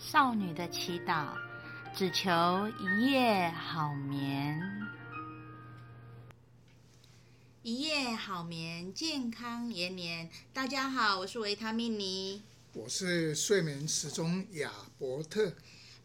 少女的祈禱，只求一夜好眠。一夜好眠，健康延年。大家好，我是維他命尼，我是睡眠時鐘亞伯特。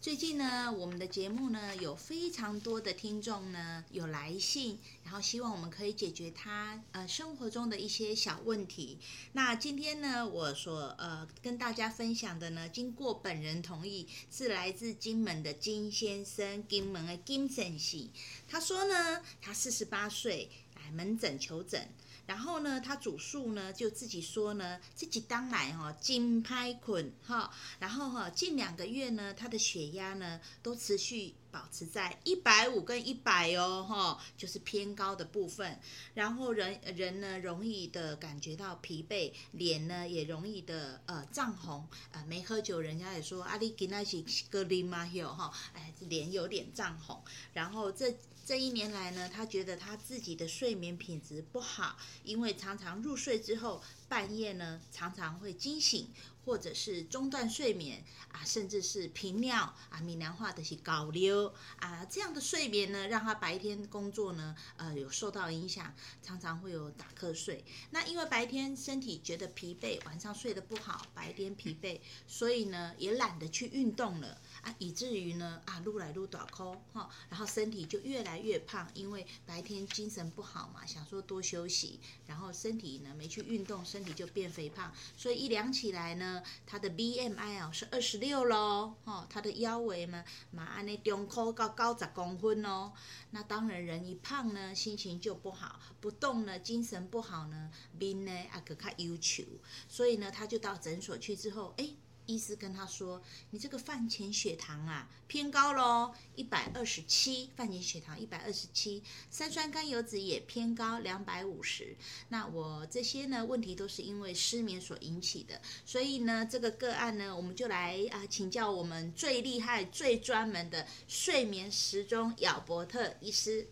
最近呢，我們的節目呢有非常多的聽眾呢有來信，然後希望我們可以解決他呃生活中的一些小問題。那今天呢，我所呃跟大家分享的呢，經過本人同意，是來自金門的金先生，金門的金先生，他說呢，他四十八歲來門診求診。然後呢，他主訴呢，就自己說呢，自己當然哈、哦，精拍捆哈，然後哈、哦，近兩個月呢，他的血壓呢都持續保持在一百五跟一百哦哈、哦，就是偏高的部分。然後人人呢容易的感覺到疲憊，臉呢也容易的呃漲紅，呃沒喝酒，人家也說阿里給那是格林嗎喲哈，哎臉有點漲紅，然後這。這一年來呢，他覺得他自己的睡眠品質不好，因為常常入睡之後，半夜呢，常常會驚醒。或者是中斷睡眠啊，甚至是頻尿啊、閩南話的是高流啊，這樣的睡眠呢，讓他白天工作呢，呃，有受到影響，常常會有打瞌睡。那因為白天身體覺得疲憊，晚上睡得不好，白天疲憊，所以呢，也懶得去運動了啊，以至於呢，啊，擼來擼大箍哈，然後身體就越來越胖，因為白天精神不好嘛，想說多休息，然後身體呢沒去運動，身體就變肥胖，所以一量起來呢。他的 BMI 哦是二十六嘍，吼，他的腰圍呢，嘛按呢中箍到九十公分哦。那當然，人一胖呢，心情就不好，不動呢，精神不好呢，病呢啊更加憂愁。所以呢，他就到診所去之後，哎、欸。醫師跟他說：“你這個飯前血糖啊偏高嘍，一百二十七，飯前血糖一百二十七，三酸甘油酯也偏高兩百五十。那我這些呢問題都是因為失眠所引起的，所以呢這個個案呢我們就來啊、呃、請教我們最厲害、最專門的睡眠時鐘，亞伯特醫師。”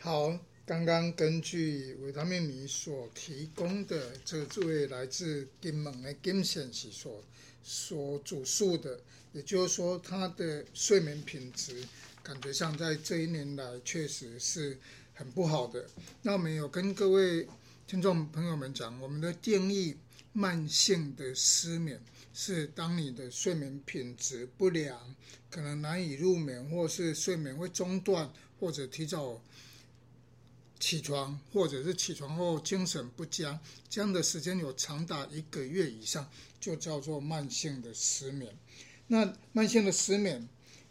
好。剛剛根據維他命米所提供的，這這位來自金門的金先生所所主述的，也就是說，他的睡眠品質感覺上在這一年來確實是很不好的。那我們有跟各位聽眾朋友們講，我們的定義，慢性的失眠是當你的睡眠品質不良，可能難以入眠，或是睡眠會中斷，或者提早。起床，或者是起床後精神不佳，這樣的時間有長達一個月以上，就叫做慢性的失眠。那慢性的失眠，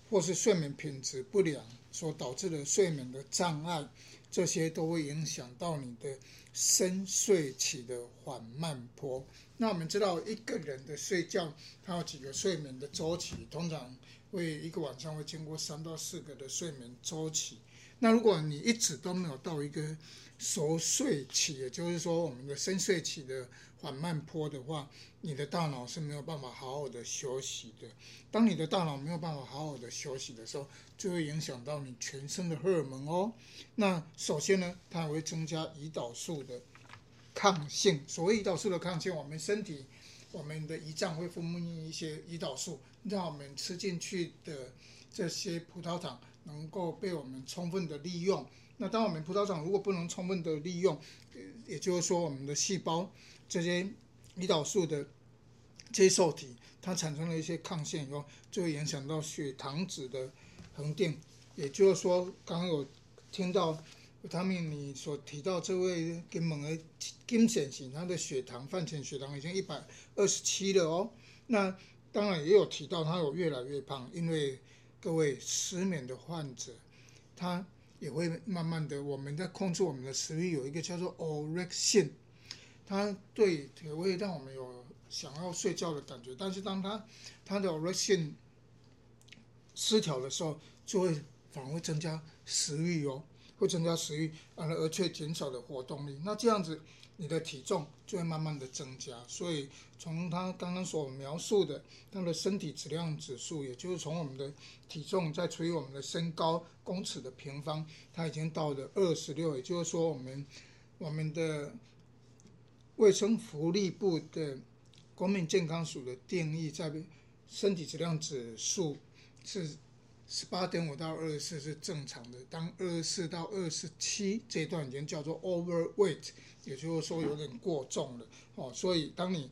或是睡眠品質不良所導致的睡眠的障礙，這些都會影響到你的深睡期的緩慢波。那我們知道，一個人的睡覺，他有幾個睡眠的周期，通常會一個晚上會經過三到四個的睡眠周期。那如果你一直都沒有到一個熟睡期，也就是說我們的深睡期的緩慢波的話，你的大腦是沒有辦法好好的休息的。當你的大腦沒有辦法好好的休息的時候，就會影響到你全身的荷爾蒙哦。那首先呢，它還會增加胰島素的抗性。所謂胰島素的抗性，我們身體我們的胰臟會分泌一些胰島素，讓我們吃進去的這些葡萄糖。能夠被我們充分的利用。那當我們葡萄糖如果不能充分的利用，也就是說我們的細胞這些胰島素的接受體，它產生了一些抗性以後，就會影響到血糖值的恆定。也就是說，剛剛有聽到有湯米你所提到這位金門的金先生，他的血糖飯前血糖已經一百二十七了哦。那當然也有提到他有越來越胖，因為。各位失眠的患者，他也會慢慢的，我們在控制我們的食慾，有一個叫做 orexin，他對也會讓我們有想要睡覺的感覺，但是當他他的 orexin 失調的時候，就會反而會增加食慾哦，會增加食慾，而而卻減少了活動力，那這樣子。你的體重就會慢慢的增加，所以從他剛剛所描述的，他的身體質量指數，也就是從我們的體重再除以我們的身高公尺的平方，他已經到了二十六，也就是說我們我們的衛生福利部的國民健康署的定義，在身體質量指數是。十八點五到二十四是正常的，當二十四到二十七這段已經叫做 overweight，也就是說有點過重了、嗯、哦。所以當你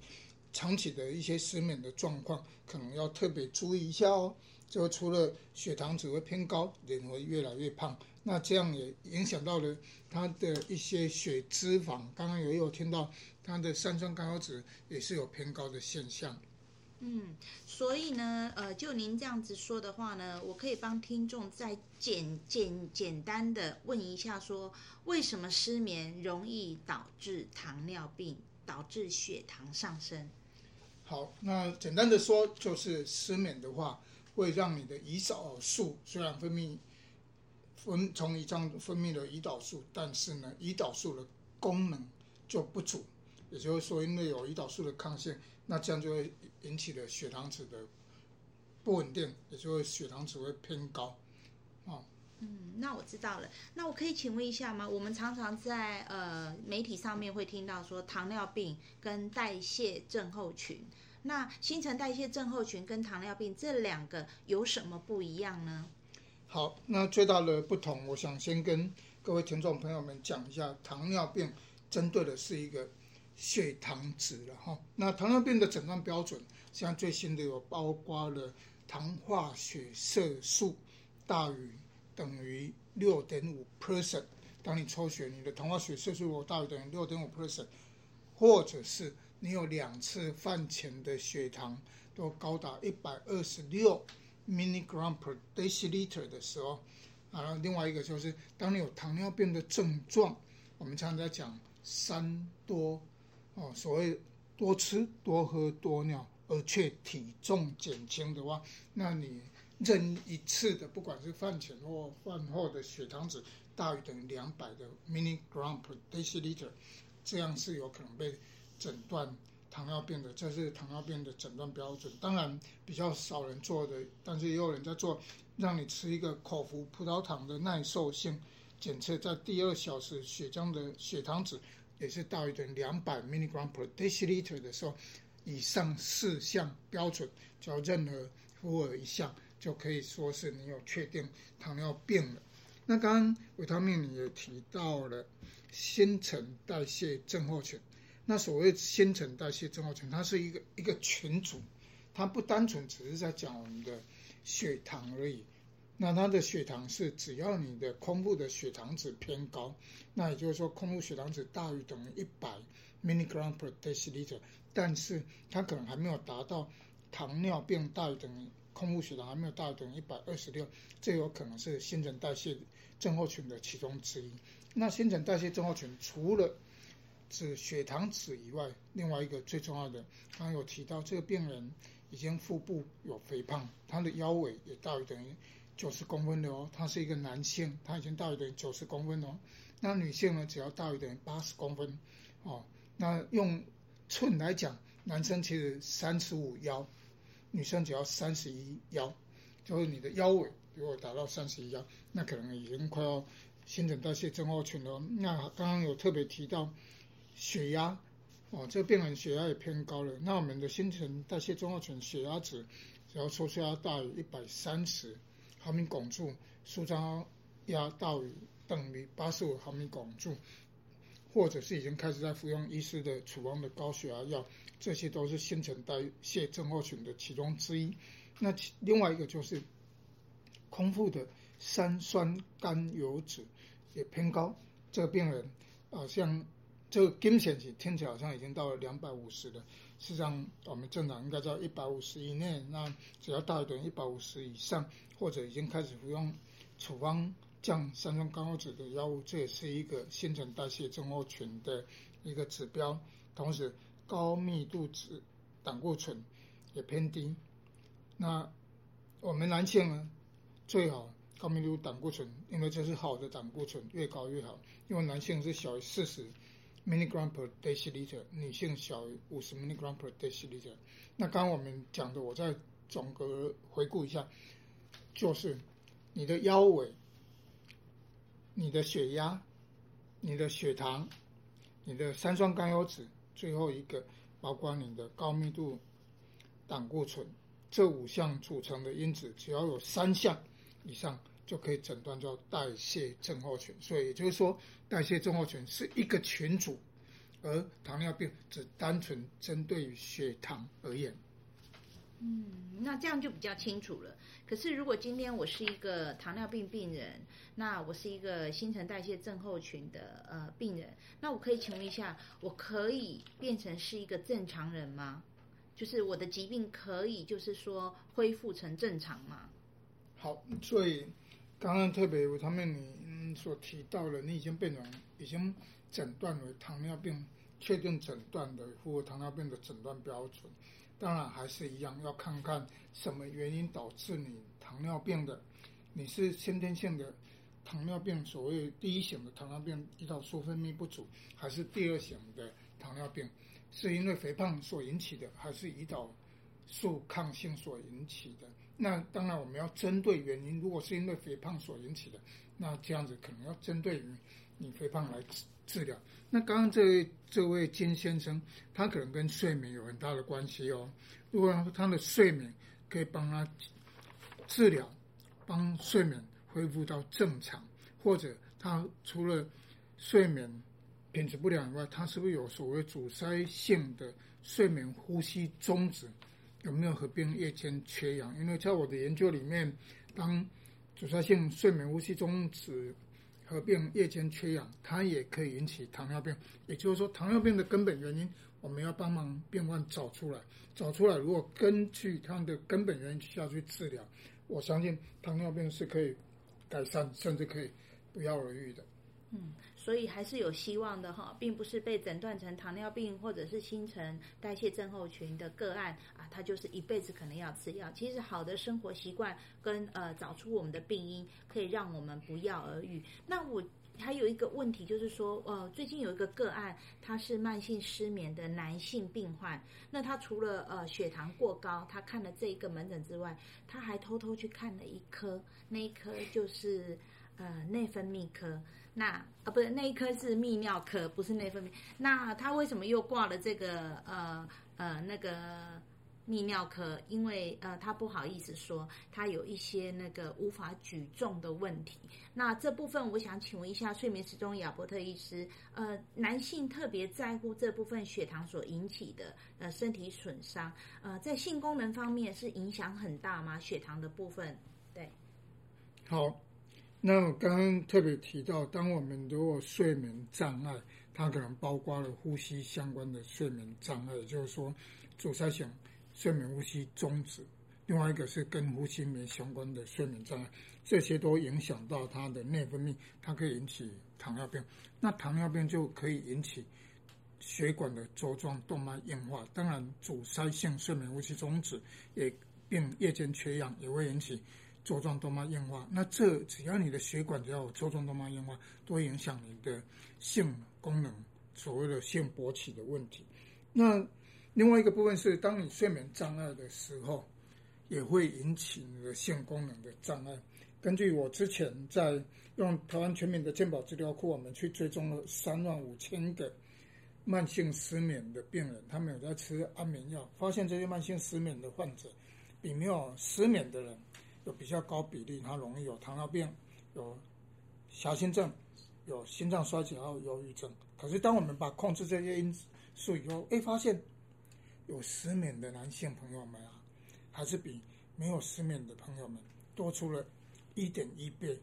長期的一些失眠的狀況，可能要特別注意一下哦。就除了血糖值會偏高，人會越來越胖，那這樣也影響到了他的一些血脂肪。剛剛有有聽到他的三酸甘油酯也是有偏高的現象。嗯，所以呢，呃，就您這樣子說的話呢，我可以幫聽眾再簡簡,簡簡單的問一下，說為什麼失眠容易導致糖尿病，導致血糖上升？好，那簡單的說，就是失眠的話，會讓你的胰島素雖然分泌，分，從胰臟分泌了胰島素，但是呢，胰島素的功能就不足。也就是說，因為有胰島素的抗性，那這樣就會引起了血糖值的不穩定，也就會血糖值會偏高。哦，嗯，那我知道了。那我可以請問一下嗎？我們常常在呃媒體上面會聽到說糖尿病跟代謝症候群，那新陳代謝症候群跟糖尿病這兩個有什麼不一樣呢？好，那最大的不同，我想先跟各位聽眾朋友們講一下，糖尿病針對的是一個、嗯。血糖值了哈，那糖尿病的診斷標準，像最新的有包括了糖化血色素大於等於六點五 percent。當你抽血，你的糖化血色素如果大於等於六點五 percent，或者是你有兩次飯前的血糖都高達一百二十六 milligram per deciliter 的時候，啊，另外一個就是當你有糖尿病的症狀，我們常常在講三多。哦，所謂多吃多喝多尿，而且體重減輕的話，那你任一次的不管是飯前或飯後的血糖值大於等於兩百的 milligram per deciliter，這樣是有可能被診斷糖尿病的。這是糖尿病的診斷標準。當然比較少人做的，但是也有人在做，讓你吃一個口服葡萄糖的耐受性檢測，在第二小時血漿的血糖值。也是大於等於兩百 milligram per deciliter 的時候，以上四項標準，只要任何符合一項，就可以說是你有確定糖尿病了。那剛剛維他命裡也提到了新陳代謝症候群，那所謂新陳代謝症候群，它是一個一個群組，它不單純只是在講我們的血糖而已。那他的血糖是，只要你的空腹的血糖值偏高，那也就是說空腹血糖值大於等於一百 milligram per deciliter，但是他可能還沒有達到糖尿病大於等於，空腹血糖還沒有大於等於一百二十六，這有可能是新陳代謝症候群的其中之一。那新陳代謝症候群除了指血糖值以外，另外一個最重要的，剛剛有提到這個病人已經腹部有肥胖，他的腰圍也大於等於。九十公分的哦，他是一個男性，他已經大於等於九十公分哦。那女性呢，只要大於等於八十公分哦。那用寸來講，男生其實三十五腰，女生只要三十一腰，就是你的腰圍如果達到三十一腰，那可能已經快要新陳代謝症候群了。那剛剛有特別提到血壓哦，這個病人血壓也偏高了。那我們的新陳代謝症候群血壓值，只要收縮壓大於一百三十。毫米汞柱，舒張壓大於等於八十五毫米汞柱，或者是已經開始在服用醫師的處方的高血壓藥，這些都是新陳代謝症候群的其中之一。那另外一個就是空腹的三酸甘油酯也偏高，這個病人好、啊、像。這個甘險值聽起來好像已經到了兩百五十了，實際上我們正常應該在一百五十以內。那只要大於等於一百五十以上，或者已經開始服用處方降三酸甘油酯的藥物，這也是一個新陳代謝症候群的一個指標。同時，高密度脂膽固醇也偏低。那我們男性呢，最好高密度膽固醇，因為這是好的膽固醇，越高越好。因為男性是小於四十。milligram per deciliter，女性小於五十 milligram per deciliter。那剛剛我們講的，我再總個回顧一下，就是你的腰圍、你的血壓、你的血糖、你的三酸甘油酯，最後一個包括你的高密度膽固醇，這五項組成的因子，只要有三項以上，就可以診斷叫代謝症候群，所以也就是說，代謝症候群是一個群組，而糖尿病只單純針對血糖而言。嗯，那這樣就比較清楚了。可是，如果今天我是一個糖尿病病人，那我是一個新陳代謝症候群的呃病人，那我可以請問一下，我可以變成是一個正常人嗎？就是我的疾病可以就是說恢復成正常嗎？好，所以。剛剛特別有他們你所提到了，你已經變成已經診斷為糖尿病，確定診斷的，符合糖尿病的診斷標準。當然還是一樣，要看看什麼原因導致你糖尿病的。你是先天性的糖尿病，所謂第一型的糖尿病，胰島素分泌不足，還是第二型的糖尿病，是因為肥胖所引起的，還是胰島素抗性所引起的？那當然，我們要針對原因。如果是因為肥胖所引起的，那這樣子可能要針對於你肥胖來治治療。那剛剛這位這位金先生，他可能跟睡眠有很大的關係哦。如果他說，他的睡眠可以幫他治療，幫睡眠恢復到正常，或者他除了睡眠品質不良以外，他是不是有所謂阻塞性的睡眠呼吸中止？有沒有合併夜間缺氧？因為在我的研究裡面，當阻塞性睡眠呼吸中止合併夜間缺氧，它也可以引起糖尿病。也就是說，糖尿病的根本原因，我們要幫忙病患找出來。找出來，如果根據它的根本原因下去治療，我相信糖尿病是可以改善，甚至可以不藥而癒的。嗯。所以還是有希望的哈，並不是被診斷成糖尿病或者是新陳代謝症候群的個案啊，他就是一輩子可能要吃藥。其實好的生活習慣跟呃找出我們的病因，可以讓我們不藥而愈。那我還有一個問題就是說，呃，最近有一個個案，他是慢性失眠的男性病患，那他除了呃血糖過高，他看了這一個門診之外，他還偷偷去看了一科，那一科就是呃內分泌科。那啊，不對，那一科是泌尿科，不是內分泌。那他為什麼又掛了這個呃呃那個泌尿科？因為呃他不好意思說他有一些那個無法舉重的問題。那這部分我想請問一下睡眠時鐘亞伯特醫師，呃，男性特別在乎這部分血糖所引起的呃身體損傷，呃，在性功能方面是影響很大嗎？血糖的部分，對，好。那我剛剛特別提到，當我們如果睡眠障礙，它可能包括了呼吸相關的睡眠障礙，就是說阻塞性睡眠呼吸中止，另外一個是跟呼吸眠相關的睡眠障礙，這些都影響到它的內分泌，它可以引起糖尿病。那糖尿病就可以引起血管的粥狀動脈硬化。當然，阻塞性睡眠呼吸中止也併夜間缺氧也會引起。冠狀動脈硬化，那這只要你的血管只要有冠狀動脈硬化，都會影響你的性功能，所謂的性勃起的問題。那另外一個部分是，當你睡眠障礙的時候，也會引起你的性功能的障礙。根據我之前在用台灣全民的健保資料庫，我們去追蹤了三萬五千個慢性失眠的病人，他們有在吃安眠藥，發現這些慢性失眠的患者，比沒有失眠的人。比較高比例，他容易有糖尿病，有狹心症，有心臟衰竭，還有憂鬱症。可是，當我們把控制這些因素以後，誒，發現有失眠的男性朋友們啊，還是比沒有失眠的朋友們多出了一點一倍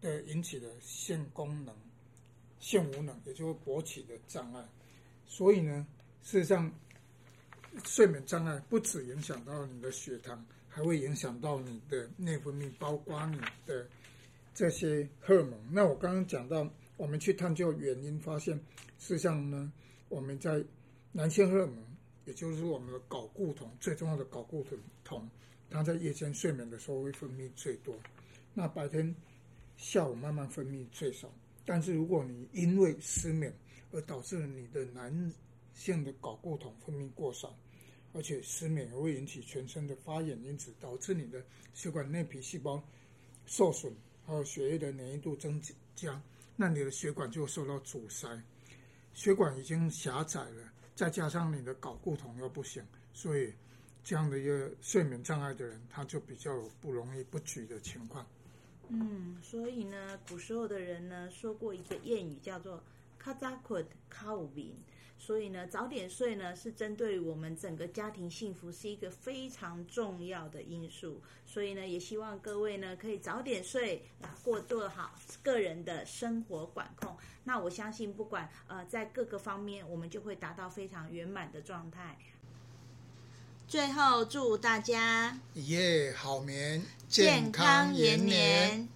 的引起的性功能、性無能，也就是勃起的障礙。所以呢，事實上，睡眠障礙不只影響到你的血糖。還會影響到你的內分泌，包括你的這些荷爾蒙。那我剛剛講到，我們去探究原因，發現事實上呢，我們在男性荷爾蒙，也就是我們的睾固酮，最重要的睾固酮，酮，它在夜間睡眠的時候會分泌最多，那白天下午慢慢分泌最少。但是如果你因為失眠而導致你的男性的睾固酮分泌過少。而且失眠還會引起全身的發炎因子，因此導致你的血管內皮細胞受損，還有血液的粘稠度增加，那你的血管就會受到阻塞，血管已經狹窄了，再加上你的睾固酮又不行，所以這樣的一個睡眠障礙的人，他就比較不容易不舉的情況。嗯，所以呢，古時候的人呢說過一個諺語，叫做“卡扎困卡有眠所以呢，早點睡呢，是針對我們整個家庭幸福是一個非常重要的因素。所以呢，也希望各位呢可以早點睡，過做好個人的生活管控。那我相信，不管呃在各個方面，我們就會達到非常圓滿的狀態。最後，祝大家一夜好眠，健康延年。